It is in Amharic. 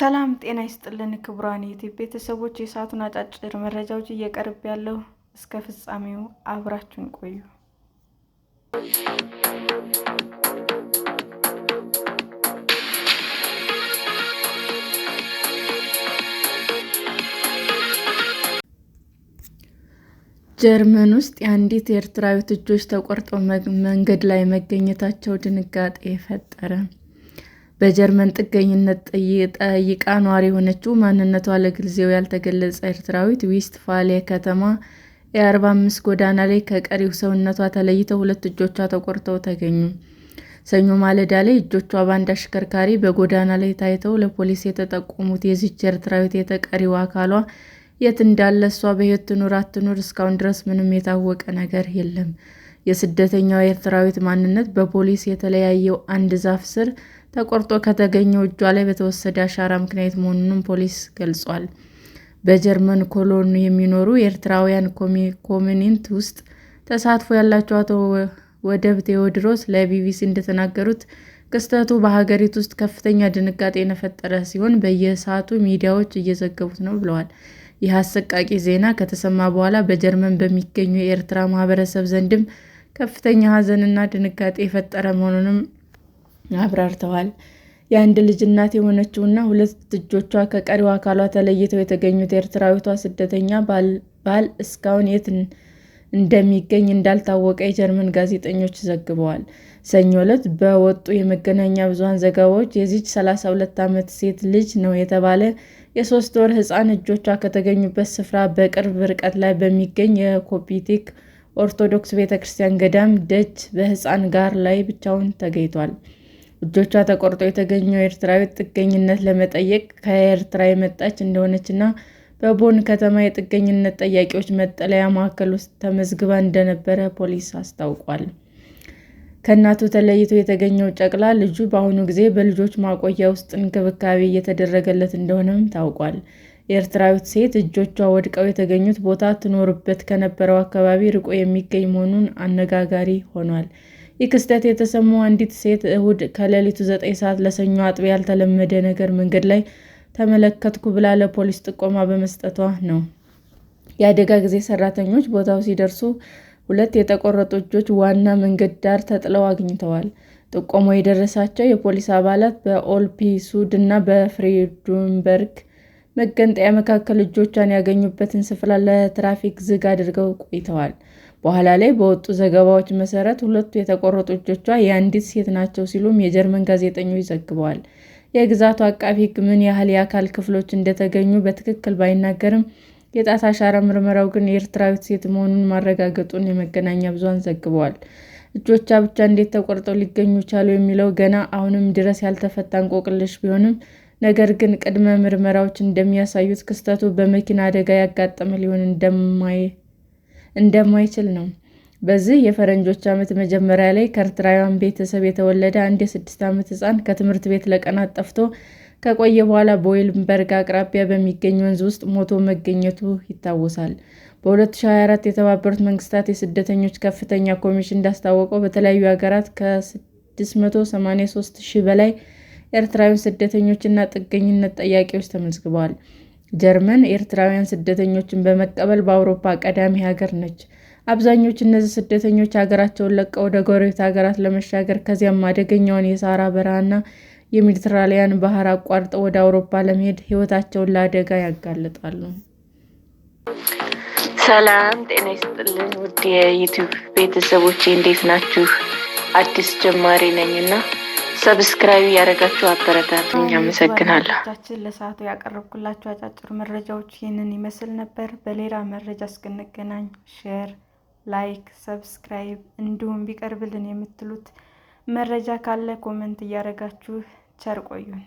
ሰላም ጤና ይስጥልን ክቡራን ዩቲዩብ ቤተሰቦች፣ የሰዓቱን አጫጭር መረጃዎች እየቀርብ ያለው እስከ ፍጻሜው አብራችሁን ቆዩ። ጀርመን ውስጥ የአንዲት ኤርትራዊት እጆች ተቆርጠው መንገድ ላይ መገኘታቸው ድንጋጤ ፈጠረ። በጀርመን ጥገኝነት ጠይቃ ነዋሪ የሆነችው ማንነቷ ለጊዜው ያልተገለጸ ኤርትራዊት ዌስትፋሊያ ከተማ ኤ45 ጎዳና ላይ ከቀሪው ሰውነቷ ተለይተው ሁለት እጆቿ ተቆርጠው ተገኙ። ሰኞ ማለዳ ላይ እጆቿ በአንድ አሽከርካሪ በጎዳና ላይ ታይተው ለፖሊስ የተጠቆሙት የዚች ኤርትራዊት የተቀሪው አካሏ የት እንዳለ እሷ በሕይወት ትኑር አትኑር እስካሁን ድረስ ምንም የታወቀ ነገር የለም። የስደተኛው ኤርትራዊት ማንነት በፖሊስ የተለያየው አንድ ዛፍ ስር ተቆርጦ ከተገኘው እጇ ላይ በተወሰደ አሻራ ምክንያት መሆኑንም ፖሊስ ገልጿል። በጀርመን ኮሎን የሚኖሩ የኤርትራውያን ኮሚኒንት ውስጥ ተሳትፎ ያላቸው አቶ ወደብ ቴዎድሮስ ለቢቢሲ እንደተናገሩት ክስተቱ በሀገሪቱ ውስጥ ከፍተኛ ድንጋጤ የፈጠረ ሲሆን በየሰዓቱ ሚዲያዎች እየዘገቡት ነው ብለዋል። ይህ አሰቃቂ ዜና ከተሰማ በኋላ በጀርመን በሚገኙ የኤርትራ ማህበረሰብ ዘንድም ከፍተኛ ሀዘንና ድንጋጤ የፈጠረ መሆኑንም አብራርተዋል። የአንድ ልጅ እናት የሆነችውና ሁለት እጆቿ ከቀሪው አካሏ ተለይተው የተገኙት ኤርትራዊቷ ስደተኛ ባል እስካሁን የት እንደሚገኝ እንዳልታወቀ የጀርመን ጋዜጠኞች ዘግበዋል። ሰኞ ዕለት በወጡ የመገናኛ ብዙኃን ዘገባዎች የዚች 32 ዓመት ሴት ልጅ ነው የተባለ የሶስት ወር ሕፃን እጆቿ ከተገኙበት ስፍራ በቅርብ ርቀት ላይ በሚገኝ የኮፕቲክ ኦርቶዶክስ ቤተ ክርስቲያን ገዳም ደጅ በሕፃን ጋር ላይ ብቻውን ተገኝቷል። እጆቿ ተቆርጦ የተገኘው ኤርትራዊ ጥገኝነት ለመጠየቅ ከኤርትራ የመጣች እንደሆነች እና በቦን ከተማ የጥገኝነት ጠያቂዎች መጠለያ ማዕከል ውስጥ ተመዝግባ እንደነበረ ፖሊስ አስታውቋል። ከእናቱ ተለይቶ የተገኘው ጨቅላ ልጁ በአሁኑ ጊዜ በልጆች ማቆያ ውስጥ እንክብካቤ እየተደረገለት እንደሆነም ታውቋል። የኤርትራዊት ሴት እጆቿ ወድቀው የተገኙት ቦታ ትኖርበት ከነበረው አካባቢ ርቆ የሚገኝ መሆኑን አነጋጋሪ ሆኗል። ይህ ክስተት የተሰማው አንዲት ሴት እሁድ ከሌሊቱ ዘጠኝ ሰዓት ለሰኞ አጥቢያ ያልተለመደ ነገር መንገድ ላይ ተመለከትኩ ብላ ለፖሊስ ጥቆማ በመስጠቷ ነው። የአደጋ ጊዜ ሰራተኞች ቦታው ሲደርሱ ሁለት የተቆረጡ እጆች ዋና መንገድ ዳር ተጥለው አግኝተዋል። ጥቆማ የደረሳቸው የፖሊስ አባላት በኦልፒሱድ እና በፍሬድንበርግ መገንጠያ መካከል እጆቿን ያገኙበትን ስፍራ ለትራፊክ ዝግ አድርገው ቆይተዋል። በኋላ ላይ በወጡ ዘገባዎች መሰረት ሁለቱ የተቆረጡ እጆቿ የአንዲት ሴት ናቸው ሲሉም የጀርመን ጋዜጠኞች ዘግበዋል። የግዛቱ አቃቢ ሕግ ምን ያህል የአካል ክፍሎች እንደተገኙ በትክክል ባይናገርም የጣት አሻራ ምርመራው ግን የኤርትራዊት ሴት መሆኑን ማረጋገጡን የመገናኛ ብዙሃን ዘግበዋል። እጆቿ ብቻ እንዴት ተቆርጠው ሊገኙ ቻሉ የሚለው ገና አሁንም ድረስ ያልተፈታ እንቆቅልሽ ቢሆንም ነገር ግን ቅድመ ምርመራዎች እንደሚያሳዩት ክስተቱ በመኪና አደጋ ያጋጠመ ሊሆን እንደማይ እንደማይችል ነው። በዚህ የፈረንጆች ዓመት መጀመሪያ ላይ ከኤርትራውያን ቤተሰብ የተወለደ አንድ የስድስት ዓመት ሕፃን ከትምህርት ቤት ለቀናት ጠፍቶ ከቆየ በኋላ በዌልንበርግ አቅራቢያ በሚገኝ ወንዝ ውስጥ ሞቶ መገኘቱ ይታወሳል። በ2024 የተባበሩት መንግስታት የስደተኞች ከፍተኛ ኮሚሽን እንዳስታወቀው በተለያዩ ሀገራት ከ683 ሺህ በላይ ኤርትራውያን ስደተኞችና ጥገኝነት ጠያቂዎች ተመዝግበዋል። ጀርመን ኤርትራውያን ስደተኞችን በመቀበል በአውሮፓ ቀዳሚ ሀገር ነች። አብዛኞቹ እነዚህ ስደተኞች ሀገራቸውን ለቀው ወደ ጎረቤት ሀገራት ለመሻገር ከዚያም አደገኛውን የሳህራ በረሃና የሜዲትራንያን ባህር አቋርጠው ወደ አውሮፓ ለመሄድ ህይወታቸውን ለአደጋ ያጋልጣሉ። ሰላም ጤና ይስጥልን ውድ የዩቱብ ቤተሰቦቼ እንዴት ናችሁ? አዲስ ጀማሪ ነኝና ሰብስክራይብ ያደረጋችሁ አበረታት። አመሰግናለሁ። ለሰዓቱ ያቀረብኩላችሁ አጫጭር መረጃዎች ይህንን ይመስል ነበር። በሌላ መረጃ እስክንገናኝ ሼር፣ ላይክ፣ ሰብስክራይብ እንዲሁም ቢቀርብልን የምትሉት መረጃ ካለ ኮመንት እያደረጋችሁ ቸር ቆዩን።